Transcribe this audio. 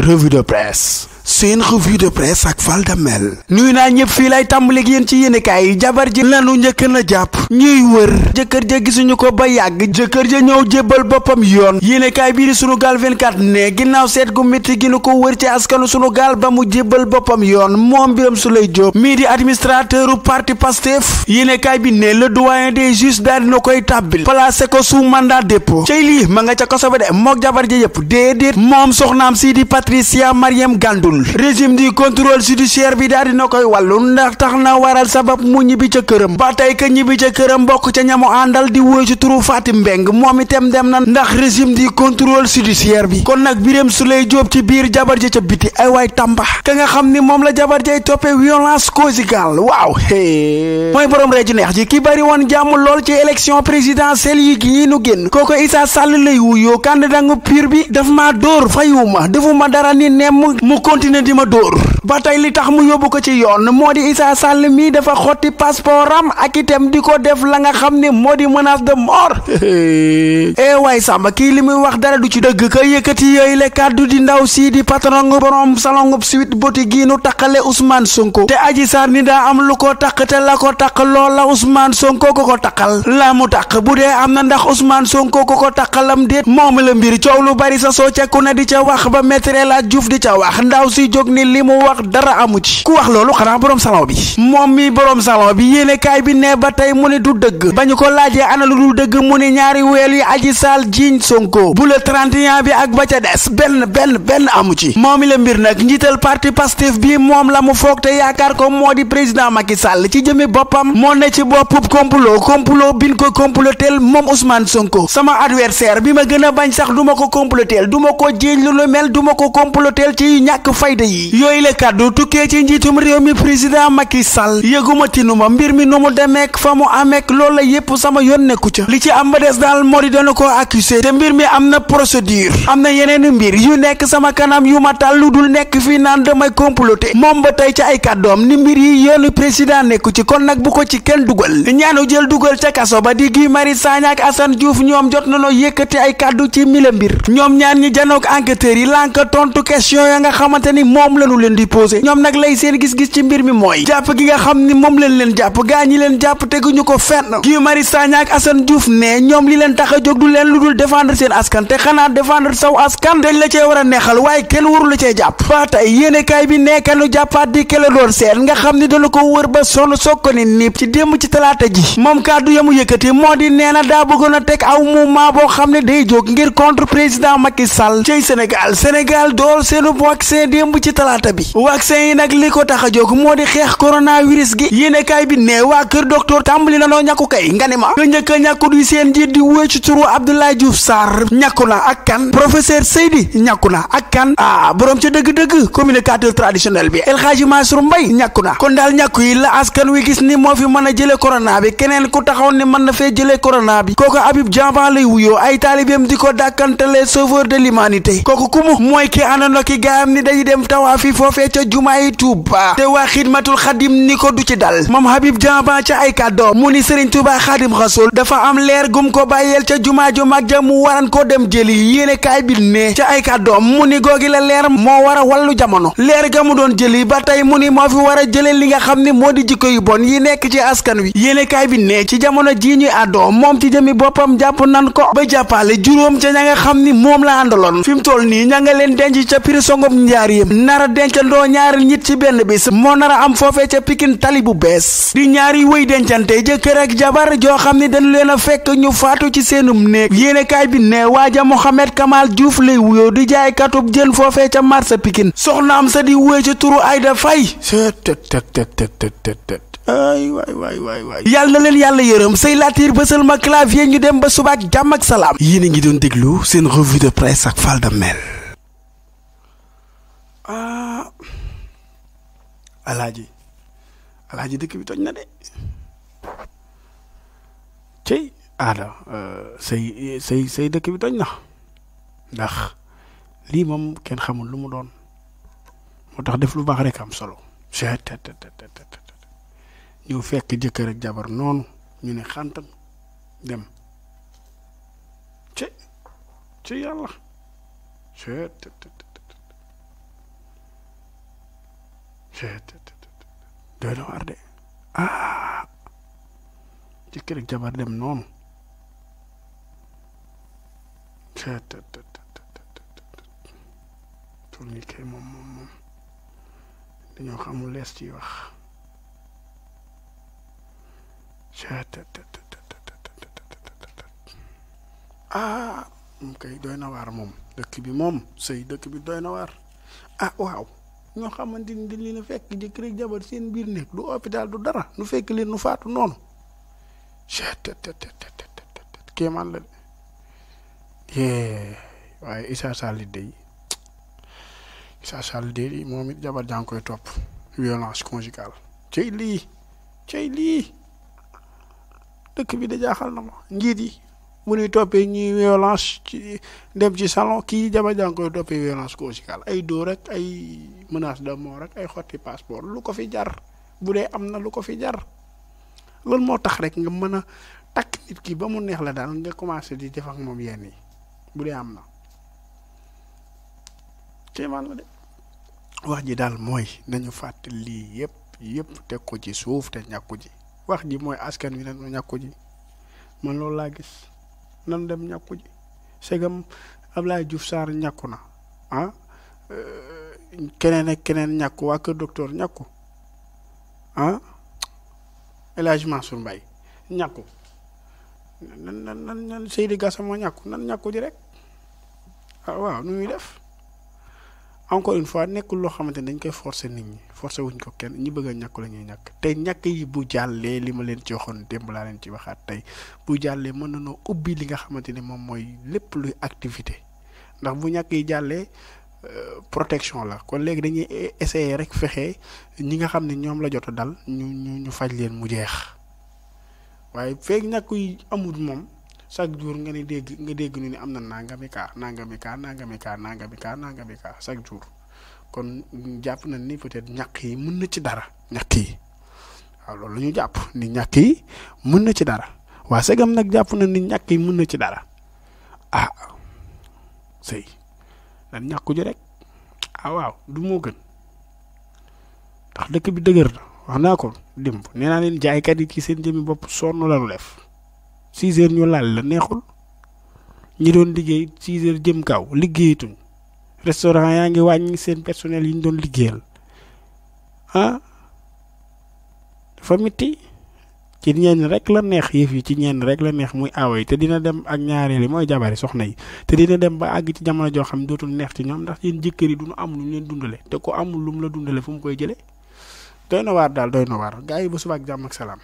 revue de presse seen revue de presse ak Fall Damel nuyu naa ñëpp fii lay tàmbaleeg yéen ci yéenekaay yi jabar ji lanu njëkk na jàpp ñuy wër jëkkër ja gisuñu ko ba yàgg jëkkër ja ñëw jébbal boppam yoon yéenekaay bii di sunu gaal 24 ne ginnaaw seet gu métti gi nu ko wër ci askanu sunu gaal ba mu jébbal boppam yoon moom Birame Souleye Diop mii di administrateuru parti Pastef yéenekaay bi ne le doyen des juges daal dina koy tàbbil placé ko sous mandat dépôt cey lii ma nga ca kosoba de jabar ja yëpp déedéet moom soxnaam si di Patricia wàllul régime du contrôle bi daal dina koy wàllul ndax tax na waral sabab mu ñibbi ca këram ba tey ka ñibbi ca këram bokk ca ñamu àndal di wóy ci turu Fatim Mbeng moom itam dem na ndax régime du contrôle judiciaire bi kon nag su Souleye Diop ci biir jabar ja ca biti ay waay tàmba ka nga xam ni moom la jabar jay toppee violence conjugale waaw mooy borom reeju neex ji ki bari woon jàmm lool ci élection présidentielle yi gi nu génn kooko Issa Sall lay wuyoo candidat ngu pur bi daf maa dóor fayuma defuma dara ni nemm mu continuer di ma dóor ba tey li tax mu yóbbu ko ci yoon moo di Issa Sall mii dafa xotti passeport am ak itam di ko def la nga xam ne moo di menace de mort eh waay Samba kii li muy wax dara du ci dëgg ko yëkkati yooyu la kàddu di ndaw sii di patron borom salon Sweet booti gi nu taqale Ousmane Sonko te aji Sarr ni daa am lu ko taq te la ko taq loola Ousmane Sonko ko ko taqal la mu taq bu dee am na ndax Ousmane Sonko ko ko taqalam déet moom la mbir coow lu bari sa soo cekku na di ca wax ba maître la Diouf di ca wax dara amu ci ku wax loolu xanaa boroom salon bi moom mi boroom salon bi yéenekaay bi ne ba tey mu ne du dëgg ba ñu ko laajee ana lu dul dëgg mu ne ñaari weel yi Adji saal jiiñ Sonko bu le bi ak ba ca des benn benn benn amu ci moom mi la mbir nag njiital parti Pastef bi moom la mu foog te yaakaar ko moo di président Macky Sall ci jëmi boppam moo ne ci boppub complot complot bin ko comploteel moom Ousmane Sonko sama adversaire bi ma gën a bañ sax du ko comploteel du ma ko jiiñ lu lu ko comploteel ci ñàkk fayda yi kaddu tukkee ci njiitum réew mi président Macky Sall yëguma tinuma mbir mi nu mu demeek fa mu ameek loolu la yépp sama yoon nekku ca li ci am ba des daal moo di dana ko accusé te mbir mi am na procédure am na yeneen mbir yu nekk sama kanam yu ma tàl lu dul nekk fii naan damay comploté moom ba tey ci ay kàddoom ni mbir yi yoonu président nekku ci kon nag bu ko ci kenn dugal ñaanu jël dugal ca kaso ba di Guy Marius Sagna ak Assane ñoom jot nañoo yëkkati ay posé ñoom nag lay seen gis-gis ci mbir mi mooy jàpp gi nga xam ni moom leen leen jàpp gaa ñi leen jàpp teguñu ko fenn Guy Marius Sagna ak Assane Diouf ne ñoom li leen tax a jóg du leen lu dul défendre seen askan te xanaa défendre saw askan dañ la cee war a neexal waaye kenn warula cee jàpp ba tey yéenekaay bi nekkanu jàppaat di kele doon seen nga xam ni dana ko wër ba sonn soog ko ni niip ci démb ci talaata ji moom kàddu yamu yëkkati moo di nee na daa bëggoon a teg aw mouvement boo xam ne day jóg ngir contre président Macky Sall ci Sénégal Sénégal door seenu vaccin démb ci talaata bi vaccin yi nag li ko tax a jóg moo di xeex coronavirus gi yéenekaay bi ne waa kër docteur tàmbali na noo ñàkku kay nga ne ma ka njëkk a ñàkku du seen njiit di wóy ci turu Abdoulaye Diouf ñàkku na ak kan professeur Seydi ñàkku na ak kan ah borom ca dëgg-dëgg communicateur traditionnel bi El Hadji Mansour mbay ñàkku na kon daal ñàkku yi la askan wi gis ni moo fi mën a jëlee corona bi keneen ku taxaw ni mën na fee jële corona bi kooku Habib Diaban lay wuyoo ay taalibeem di ko dàkkantalee sauveur de l'humanité kooku ku mooy ki àndandoo ki gaayam dem tawaa fi foofee ca jumaay Tuuba te waa xidmatul xadim ni ko du ci dal moom Habib Diaban ca ay kàddoom mu ni Serigne Touba xaadim rasul dafa am leer gum ko bàyyeel ca jumaa ju mag ja mu waran koo dem jëli yéene kaay bi ne ca ay kàddoom mu ni googi la leer moo war wallu jamono leer ga mu doon jëli ba tey mu ni moo fi war a jëlee li nga xam ni moo di jikko yu bon yi nekk ci askan wi yéene kaay bi nee ci jamono jii ñuy àddoo moom ci jëmi boppam jàpp nan ko ba jàppale juróom ca ña nga xam ni moom la àndaloon fi mu toll nii ña nga leen denc ca prisongom njaar yëm delloo ñaari nit ci benn bis moo nar a am foofee ca Pikine tali bu bees di ñaari wëy dencante jëkkër ak jabar joo xam ne dañu leen a fekk ñu faatu ci seenum néeg yéenekaay bi ne waaja Mohamed Kamal Diouf lay wuyoo di jaay jën foofee ca marché Pikine soxnaam sa di wuyoo ca turu Aïda Faye ay waay waay waay waay yàlla na leen yàlla yërëm say laatiir bësal ma clavier ñu dem ba suba ak jàmm ak salaam yéen a ngi doon déglu seen revue de presse ah alaaji alaaji dëkk bi toj na de cey aada euh, say say say dëkk bi toj na ndax lii moom kenn xamul lu mu doon moo tax def lu baax rekk am solo tet tet ñu fekk jëkkër ak jabar noonu ñu ne xàntan dem ci ci yàlla tet doy na de ah jëkkër ak jabar dem noonu tul ñi kay moom moom dañoo xamul lees ci wax ah moom kay doy na waar moom dëkk bi moom sëy dëkk bi doy na ah waaw ñoo xamante ni dañ leen a fekk jëkkër ak jabar seen biir nekk du hôpital du dara nu fekk leen nu faatu noonu kéemaan la de waaye Issa Sall dey Issa Sall dey moom it jabar jaa koy topp violence conjugale cey lii cey lii dëkk bi da jaaxal na ma njiit yi mu nuy toppee ñuy violence ci dem ci salon kii jabar jaa ngi koy toppee violence conjugale ay doo rek ay menace de mort rek ay xotti passeport lu ko fi jar bu dee am na lu ko fi jar loolu moo tax rek nga mën a takk nit ki ba mu neex la daal nga commencé di def moom yenn yi bu dee am na kéemaan ji daal mooy nañu fàttali lii yëpp yëpp teg ko ci suuf te ñàkku ji wax ji mooy askan wi nag ñàkku ji man loolu laa gis nan dem ñàkku ji segam Ablaye Diouf Sarr ñàkku na ah euh, keneen ak keneen ñàkku waa kër docteur ñàkku ah El Hadj Mansour Mbaye ñàkku nan nan nan Seydi Gassama ñàkku nan ñàkku ji rek ah, waaw nu muy def encore une fois nekkul loo xamante ne dañ koy forcer nit ñi forcer wuñ ko kenn ñi bëgg a ñàkk la ñuy ñàkk te ñàkk yi bu jàllee li ma leen ci waxoon démb laa leen waxaat tey bu jàllee mën nañoo ubbi li nga xamante ni moom mooy lépp luy activité ndax bu ñàkk yi jàllee euh, protection la kon léegi dañuy essayer rek fexe ñi nga xam ne ñoom la jot a dal ñu ñu ñu faj leen mu jeex waaye feeg ñàkk yi amul moom. chaque jour nga ne dégg nga dégg ñu ne am na nangami kaa nangami kaa nangami kaa nangami kaa nangami kaa chaque jour kon jàpp nañ ni peut-être ñàkk yi mën na ci dara ñàkk yi waaw loolu la ñu jàpp ni ñàkk yi mën na ci dara waa segam nag jàpp nañ ni ñàkk yi mën na ci dara ah sëy dañ ñàkku ji rek ah waaw du moo gën ndax dëkk bi dëgër na wax naa ko démb nee naa leen jaaykat yi ci seen jëmmi bopp sonn la ñu def. six heures ñu laal la neexul ñi doon liggéey six heures jëm kaw liggéeyatuñ restaurant yaa ngi wàññi seen personnel yi ñu doon liggéeyal ah dafa mitti ci ñenn rek la neex yëf yi ci ñeen rek la neex muy aawa yi te dina dem ak ñaareel yi mooy jabari soxna yi te dina dem ba àgg ci jamono joo xam dootul neex ci ñoom ndax yéen jëkkër yi duñu am lu ñu leen dundale te ko amul lu mu la dundale fu mu koy jëlee doy na waar daal doy na waar gaa yi ba suba ak jàmm salaam.